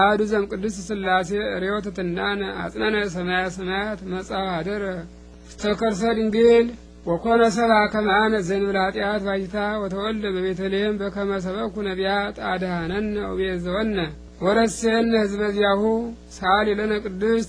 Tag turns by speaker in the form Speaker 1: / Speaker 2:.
Speaker 1: አህዱ ዘም ቅዱስ ስላሴ ርዮት ትናነ አጽነነ ሰማያ ሰማያት መጻ አደረ ተከርሰ ድንግል ወኮነ ሰብአ ከማነ ዘንብል ኃጢአት ባይታ ወተወልደ በቤተልሔም በከመ ሰበኩ ነቢያት አድኀነነ ወቤዘወነ ወረሴነ ህዝበ ዚአሁ ሳሊ ለነ ቅዱስ